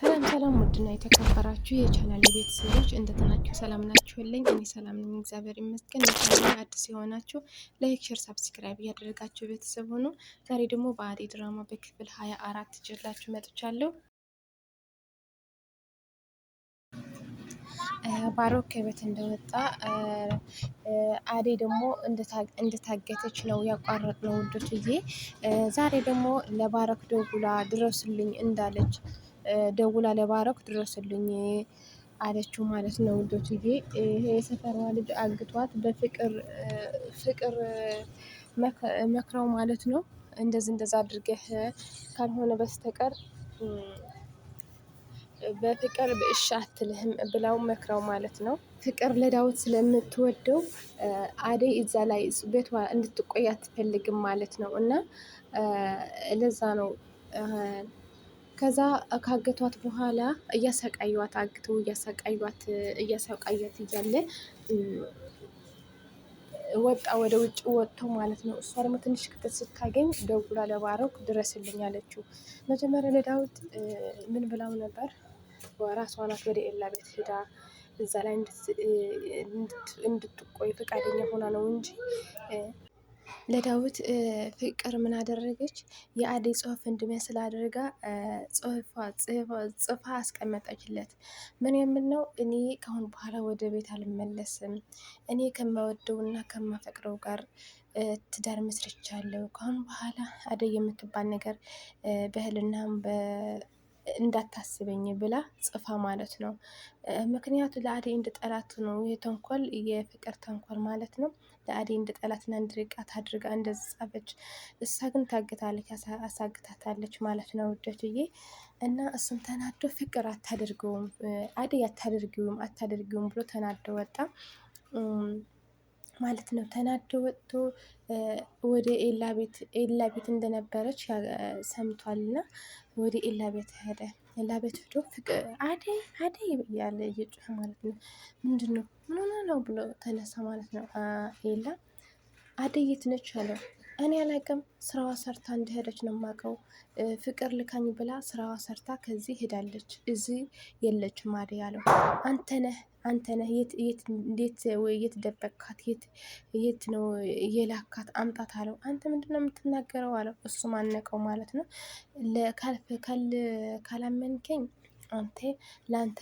ሰላም ሰላም፣ ውድና የተከበራችሁ የቻናል ቤተሰቦች እንደት ናችሁ? ሰላም ናችሁልኝ? እኔ ሰላም ነኝ፣ እግዚአብሔር ይመስገን። ለቻናል አዲስ የሆናችሁ ላይክ፣ ሼር፣ ሳብስክራይብ እያደረጋችሁ ቤተሰብ ሆኖ ዛሬ ደግሞ በአደይ ድራማ በክፍል ሀያ አራት ጀላችሁ መጥቻለሁ። ባሮክ ከቤት እንደወጣ አዴ ደግሞ እንደታገተች ነው ያቋረጥ ነው ውዶች። ዛሬ ደግሞ ለባሮክ ደውላ ድረሱልኝ እንዳለች ደውላ ለባረኩ ድረስልኝ አለችው ማለት ነው። ውዶችዬ ይሄ የሰፈሯ ልጅ አግቷት በፍቅር ፍቅር መክረው ማለት ነው። እንደዚህ እንደዛ አድርገህ ካልሆነ በስተቀር በፍቅር እሺ አትልህም ብላው መክረው ማለት ነው። ፍቅር ለዳዊት ስለምትወደው አደይ እዛ ላይ ቤቷ እንድትቆይ አትፈልግም ማለት ነው እና ለዛ ነው ከዛ ካገቷት በኋላ እያሰቃዩት አግተው እያሰቃዩዋት እያሰቃዩት እያለ ወጣ ወደ ውጭ ወጥቶ ማለት ነው። እሷ ደግሞ ትንሽ ክፍተት ስታገኝ ደውላ ለባሮክ ድረስልኝ አለችው። መጀመሪያ ለዳዊት ምን ብላው ነበር? ራሷ ናት ወደ ኤላ ቤት ሄዳ እዛ ላይ እንድትቆይ ፈቃደኛ ሆና ነው እንጂ ለዳዊት ፍቅር ምን አደረገች? የአደይ ጽሁፍ እንድመስል አድርጋ ጽፋ አስቀመጠችለት። ምን የምል ነው እኔ ከአሁን በኋላ ወደ ቤት አልመለስም። እኔ ከማወደው ከማወደውና ከማፈቅረው ጋር ትዳር መስርቻለሁ። ከአሁን በኋላ አደይ የምትባል ነገር በህልና እንዳታስበኝ ብላ ጽፋ ማለት ነው። ምክንያቱ ለአደይ እንደ ጠላት ነው ይህ ተንኮል የፍቅር ተንኮል ማለት ነው። ለአደይ እንደ ጠላትና እንድርቃት አድርጋ እንደዚ ጻፈች። እሳ ግን ታግታለች፣ አሳግታታለች ማለት ነው ውደትዬ። እና እሱም ተናዶ ፍቅር አታደርገውም አደይ አታደርጊውም አታደርጊውም ብሎ ተናዶ ወጣ ማለት ነው። ተናዶ ወጥቶ ወደ ኤላ ቤት ኤላ ቤት እንደነበረች ሰምቷል ሰምቷልና ወደ ኤላ ቤት ሄደ። ኤላ ቤት ሄዶ ፍቅር አደይ አደይ እያለ እየጮኸ ማለት ነው። ምንድን ነው ምን ሆነ ነው ብሎ ተነሳ ማለት ነው። ኤላ አደይ የት ነች አለው። እኔ አላቅም። ስራዋ ሰርታ እንደሄደች ነው የማውቀው። ፍቅር ልካኝ ብላ ስራዋ ሰርታ ከዚህ ሄዳለች። እዚህ የለችም አደይ አለው። አንተነህ አንተነህ የት እንዴት ወይ የት ደበቅካት? የት ነው የላካት? አምጣት አለው። አንተ ምንድን ነው የምትናገረው አለው። እሱ ማነቀው ማለት ነው። ካላመንከኝ አንተ ለአንተ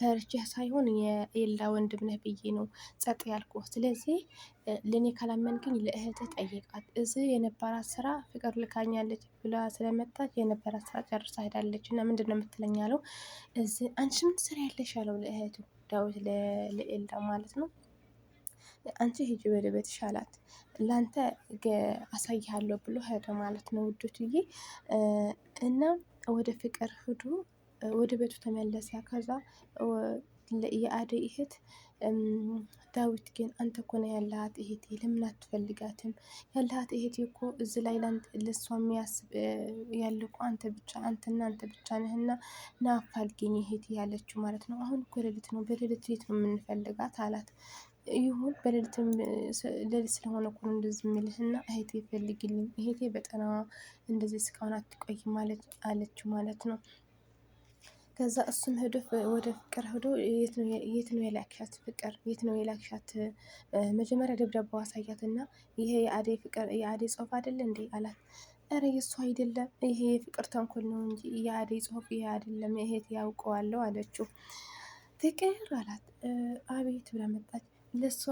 ፈርቼ ሳይሆን የኤላ ወንድም ነህ ብዬ ነው ጸጥ ያልኩ። ስለዚህ ለእኔ ካላመንክኝ ለእህትህ ጠይቃት። እዚህ የነበራት ስራ ፍቅር ልካኛለች ብላ ስለመጣች የነበራት ስራ ጨርሳ ሄዳለች እና ምንድን ነው የምትለኝ አለው። እዚህ አንቺ ምን ስራ ያለሽ አለው ለእህቱ ዳዊት ለኤላ ማለት ነው። አንቺ ሂጂ ወደ ቤትሽ አላት። ለአንተ አሳይሃለሁ ብሎ ሄደ ማለት ነው ውዶትዬ እና ወደ ፍቅር ሂዱ። ወደ ቤቱ ተመለሰ። ከዛ የአደይ እህት ዳዊት ግን አንተ እኮ ነው ያለሃት እህቴ፣ ለምን አትፈልጋትም? ያለሃት እህቴ እኮ እዚ ላይ ለሷ የሚያስብ ያለ እኮ አንተ ብቻ አንተና አንተ ብቻ ነህና ናፋልግኝ እህቴ ያለችው ማለት ነው። አሁን እኮ ሌሊት ነው፣ በሌሊት ቤት ነው የምንፈልጋት አላት። ይሁን በሌሊት ስለሆነ እኮ እንደዚ የሚልህና እህቴ ይፈልግልኝ፣ እህቴ በጠና እንደዚህ እስካሁን አትቆይ ማለት አለችው ማለት ነው። ከዛ እሱም ሄዶ ወደ ፍቅር ሄዶ የት ነው የላክሻት ፍቅር የት ነው የላክሻት? መጀመሪያ ደብዳቤው አሳያት እና ይሄ የአዴ ፍቅር የአዴ ጽሁፍ አይደለ እንዴ አላት። እረ የእሱ አይደለም ይሄ የፍቅር ተንኮል ነው እንጂ የአዴ ጽሁፍ ይሄ አይደለም፣ ይሄት ያውቀዋለሁ አለችው። ፍቅር አላት። አቤት ብላ መጣች። ለእሷ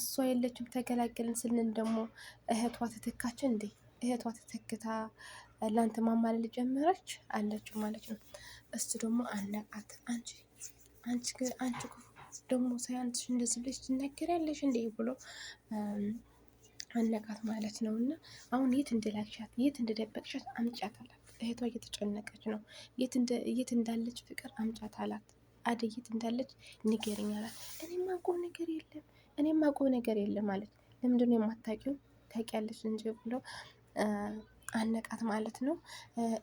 እሷ የለችም ተገላገልን ስንል ደግሞ እህቷ ተተካችን እንዴ እህቷ ትተክታ ለአንተ ማማለል ጀመረች አለችው ማለት ነው። እሱ ደግሞ አነቃት። አንቺ አንቺ አንቺ ደግሞ ሳያንስ እንደዚህ ብለሽ ትናገሪያለሽ እንዴ ብሎ አነቃት ማለት ነው። እና አሁን የት እንደላክሻት የት እንደደበቅሻት አምጫት አላት። እህቷ እየተጨነቀች ነው። የት እንዳለች ፍቅር አምጫት አላት። አደይ የት እንዳለች ንገሪኝ አላት። እኔ ማውቀው ነገር የለም እኔ ማውቀው ነገር የለም ማለት ለምንድነው የማታውቂው ታውቂያለሽ እንጂ ብሎ አነቃት ማለት ነው።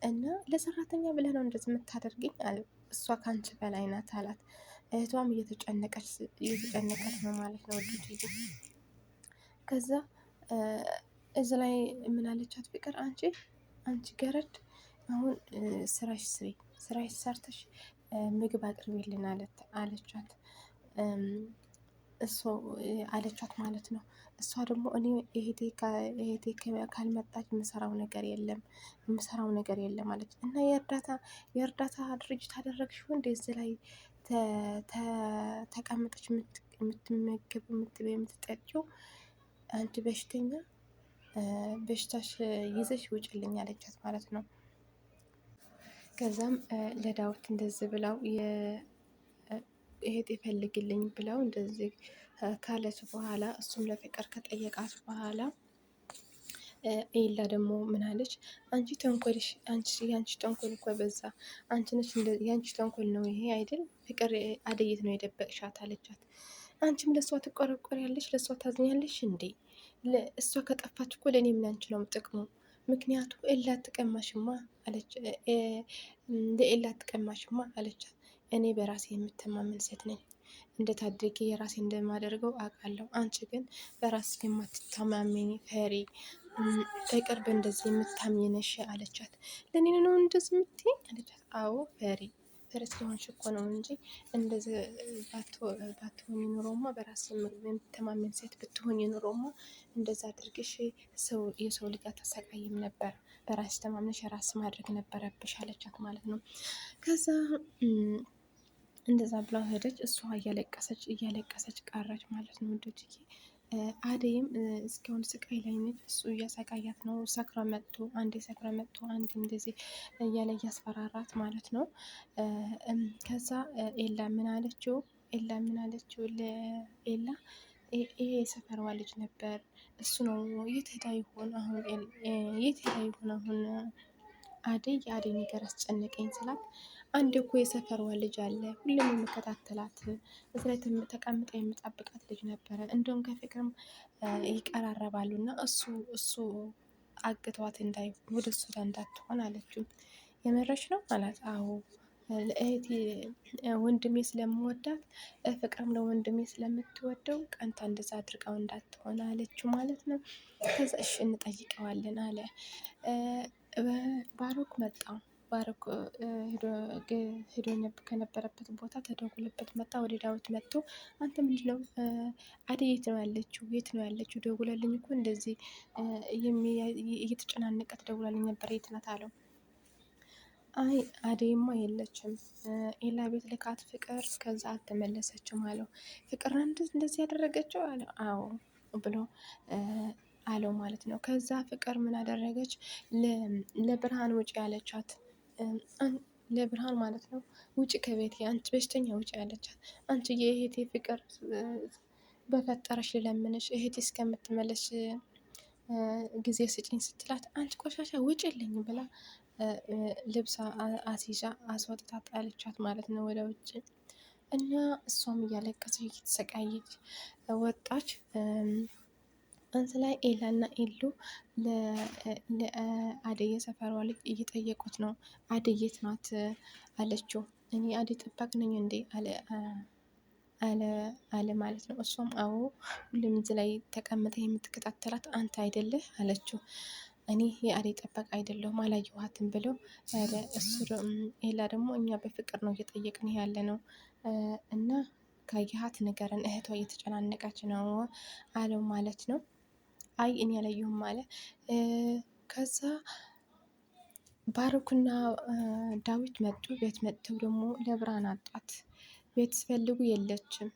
እና ለሰራተኛ ብለህ ነው እንደዚህ የምታደርግኝ አለ። እሷ ከአንቺ በላይ ናት አላት። እህቷም እየተጨነቀች ነው ማለት ነው። ውድ ከዛ እዚ ላይ የምናለቻት ፍቅር አንቺ አንቺ ገረድ አሁን ስራሽ ስሪ ስራሽ ሰርተሽ ምግብ አቅርቤልን አለቻት። እሱ አለቻት ማለት ነው። እሷ ደግሞ እኔ እህቴ ካልመጣች የምሰራው ነገር የለም የምሰራው ነገር የለም አለች እና የእርዳታ የእርዳታ ድርጅት አደረግሽው እንደ እዚህ ላይ ተቀምጠች የምትመገብ የምትበ የምትጠጪው አንድ በሽተኛ በሽታሽ ይዘሽ ውጭልኝ አለቻት ማለት ነው። ከዛም ለዳዊት እንደዚህ ብላው እህት ይፈልግልኝ ብለው እንደዚህ ካለች በኋላ እሱም ለፍቅር ከጠየቃት በኋላ ኤላ ደግሞ ምን አለች? አንቺ ተንኮልሽ አንቺ ያንቺ ተንኮል እኮ በዛ። አንቺ ነሽ ያንቺ ተንኮል ነው ይሄ አይደል? ፍቅር አደየት ነው የደበቅሻት አለቻት። አንቺም ለእሷ ትቆረቆር ያለሽ ለእሷ ታዝኛለሽ እንዴ? እሷ ከጠፋች እኮ ለእኔ ምን አንቺ ነው ጥቅሙ? ምክንያቱ ኤላ ትቀማሽማ አለች። ለኤላ ትቀማሽማ አለቻት። እኔ በራሴ የምተማመን ሴት ነኝ። እንዴት አድርጌ የራሴ እንደማደርገው አውቃለሁ። አንቺ ግን በራስ የማትተማመኝ ፈሪ፣ በቅርብ እንደዚህ የምታምኝ አለቻት። ለእኔ ነው እንደዚህ የምትይኝ አለቻት። አዎ ፈሪ ፈረስ ስለሆንሽ እኮ ነው እንጂ እንደዚህ ባትሆኝ ኑሮማ፣ በራስ የምትተማመን ሴት ብትሆኝ ኑሮማ እንደዚ አድርግሽ የሰው ልጅ አታሰቃይም ነበር። በራስ ተማምነሽ ራስ ማድረግ ነበረብሽ አለቻት ማለት ነው ከዛ እንደዛ ብላ ሄደች። እሷ እያለቀሰች እያለቀሰች ቀረች ማለት ነው ወንዶች። አደይም እስካሁን ስቃይ ላይ ነች። እሱ እያሰቃያት ነው። ሰክረ መጥቶ አንዴ ሰክረ መጥቶ አንድ እንደዚህ እያለ እያስፈራራት ማለት ነው። ከዛ ኤላ ምን አለችው? ኤላ ምን አለችው? ኤላ ይሄ የሰፈርዋ ልጅ ነበር እሱ ነው። የት ሄዳ ይሆን አሁን? የት ሄዳ ይሆን አሁን? አደይ የአደይ ነገር አስጨነቀኝ ስላት አንድ እኮ የሰፈሯ ልጅ አለ ሁሉም የምከታተላት እዚህ ተቀምጠ ተቀምጣ የምጠብቃት ልጅ ነበረ። እንዲሁም ከፍቅርም ይቀራረባሉ እና እሱ እሱ አግቷት እንዳይ ወደ እሱ ጋር እንዳትሆን አለችው። የመረሽ ነው ማለት አዎ ለእህቴ ወንድሜ ስለምወዳት ፍቅርም ለወንድሜ ስለምትወደው ቀንታ እንደዛ አድርጋው እንዳትሆን አለችው ማለት ነው። ከዛ እሺ እንጠይቀዋለን አለ። ባሮክ መጣው ባረኮ ሄዶ ከነበረበት ቦታ ተደውሎበት መጣ። ወደ ዳዊት መጥቶ አንተ ምንድነው አደይ የት ነው ያለችው? የት ነው ያለችው? ደውላልኝ እኮ እንደዚህ እየተጨናነቀት ደውላልኝ ነበር፣ የት ናት አለው። አይ አደይማ የለችም፣ ኤላ ቤት ልካት ፍቅር ከዛ አልተመለሰችም አለው። ፍቅር አንድ እንደዚህ ያደረገችው አለ። አዎ ብሎ አለው ማለት ነው። ከዛ ፍቅር ምን አደረገች? ለብርሃን ውጭ ያለቻት ለብርሃን ማለት ነው ውጭ ከቤቴ አንቺ በሽተኛ ውጭ ያለቻት አንቺ የእህቴ ፍቅር በፈጠረሽ ልለምንሽ እህቴ እስከምትመለሽ ጊዜ ስጭኝ ስትላት አንቺ ቆሻሻ ውጭልኝ ብላ ልብሳ አሲዣ አስወጥታ ጣለቻት ማለት ነው ወደ ውጭ እና እሷም እያለቀሰች እየተሰቃየች ወጣች። አንስ ላይ ኤላና ኤሉ ለአደይ የሰፈሯ ልጅ እየጠየቁት ነው። አደይ የት ናት አለችው። እኔ አደይ ጠባቅ ነኝ እንዴ አለ አለ ማለት ነው። እሷም አዎ ሁሉም እዚ ላይ ተቀምጠ የምትከታተላት አንተ አይደለህ አለችው። እኔ የአደይ ጠባቅ አይደለሁም አላየኋትም ብለው እሱ ኤላ ደግሞ እኛ በፍቅር ነው እየጠየቅን ያለ ነው እና ከየሀት ነገርን እህቷ እየተጨናነቀች ነው አለው ማለት ነው። አይ እኔ አላየሁም አለ። ከዛ ባሮክና ዳዊት መጡ። ቤት መጥተው ደግሞ ለብርሃን አጧት። ቤት ስፈልጉ የለችም።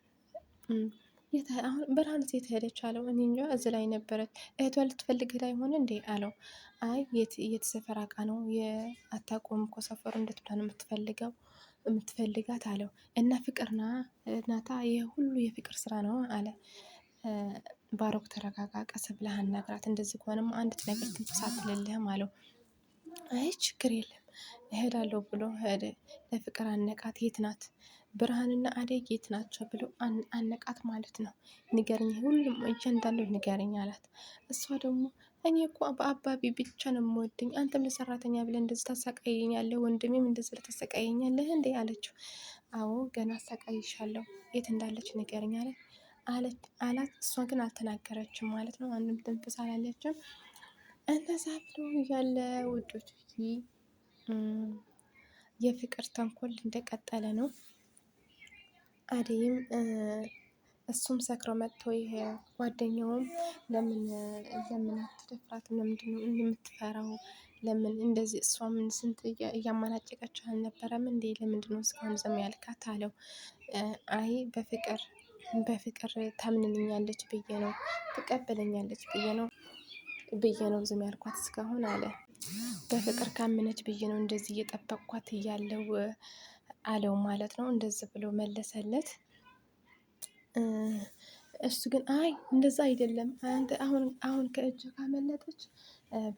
አሁን ብርሃን ሴት ሄደች አለው። እኔ እንጃ እዚ ላይ ነበረች እህቷ ልትፈልግ ላይ ሆነ እንዴ አለው። አይ የተሰፈር አቃ ነው አታውቀውም እኮ ሰፈሩ እንደት ነው የምትፈልገው የምትፈልጋት አለው። እና ፍቅርና እናታ የሁሉ የፍቅር ስራ ነው አለ። ባሮክ ተረጋጋ፣ ቀስ ብለህ አናግራት። እንደዚህ ከሆነም አንድ ነገር ትንፍስ አትልልህም አለው። አይ ችግር የለም እሄዳለሁ ብሎ ሄደ። ለፍቅር አነቃት። የት ናት ብርሃንና አደይ የት ናቸው ብሎ አነቃት ማለት ነው። ንገርኝ፣ ሁሉም እያንዳንዱ ንገርኝ አላት። እሷ ደግሞ እኔ እኮ በአባቢ ብቻ ነው የምወደኝ። አንተም ለሰራተኛ ብለህ እንደዚህ ታሰቃየኛለህ፣ ወንድሜም እንደዚህ ብለህ ታሰቃየኛለህ እንዴ አለችው። አዎ ገና አሰቃይሻለሁ። የት እንዳለች ንገርኝ አላት። አላት። እሷ ግን አልተናገረችም ማለት ነው። አንድም ትንፍስ አላለችም። እንደዛ ብሎ እያለ ውዶች የፍቅር ተንኮል እንደቀጠለ ነው። አደይም እሱም ሰክሮ መጥቶ ይሄ ጓደኛውም ለምን ለምን አትደፍራትም? ለምንድነው እንደምትፈራው ለምን እንደዚህ ምን ስንት እያማናጨቀችው አልነበረም እንዴ? ለምንድነው እስካሁን ዘም ያልካት አለው። አይ በፍቅር በፍቅር ታምንልኛለች ብዬ ነው ትቀበለኛለች ብዬ ነው ብዬ ነው ዝም ያልኳት እስካሁን አለ። በፍቅር ካምነች ብዬ ነው እንደዚህ እየጠበቅኳት እያለው አለው ማለት ነው። እንደዚህ ብሎ መለሰለት። እሱ ግን አይ እንደዛ አይደለም አንተ አሁን አሁን ከእጅ ካመለጠች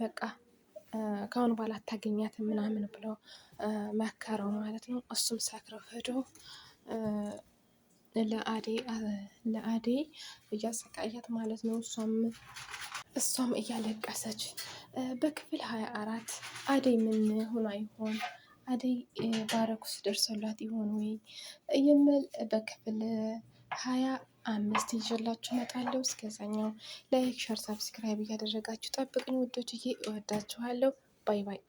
በቃ ከአሁን በኋላ አታገኛት ምናምን ብሎ መከረው ማለት ነው። እሱም ሰክረው ሄዶ ለአዴ ለአዴ እያሰቃያት ማለት ነው። እሷም እሷም እያለቀሰች በክፍል ሀያ አራት አዴ ምን ሆና ይሆን? አደይ ባረኩስ ደርሰላት ይሆን ወይ የሚል በክፍል ሀያ አምስት ይዤላችሁ እመጣለሁ። እስከዛኛው ላይክ፣ ሸር፣ ሳብስክራይብ እያደረጋችሁ ጠብቅኝ ውዶችዬ። እወዳችኋለሁ። ባይ ባይ።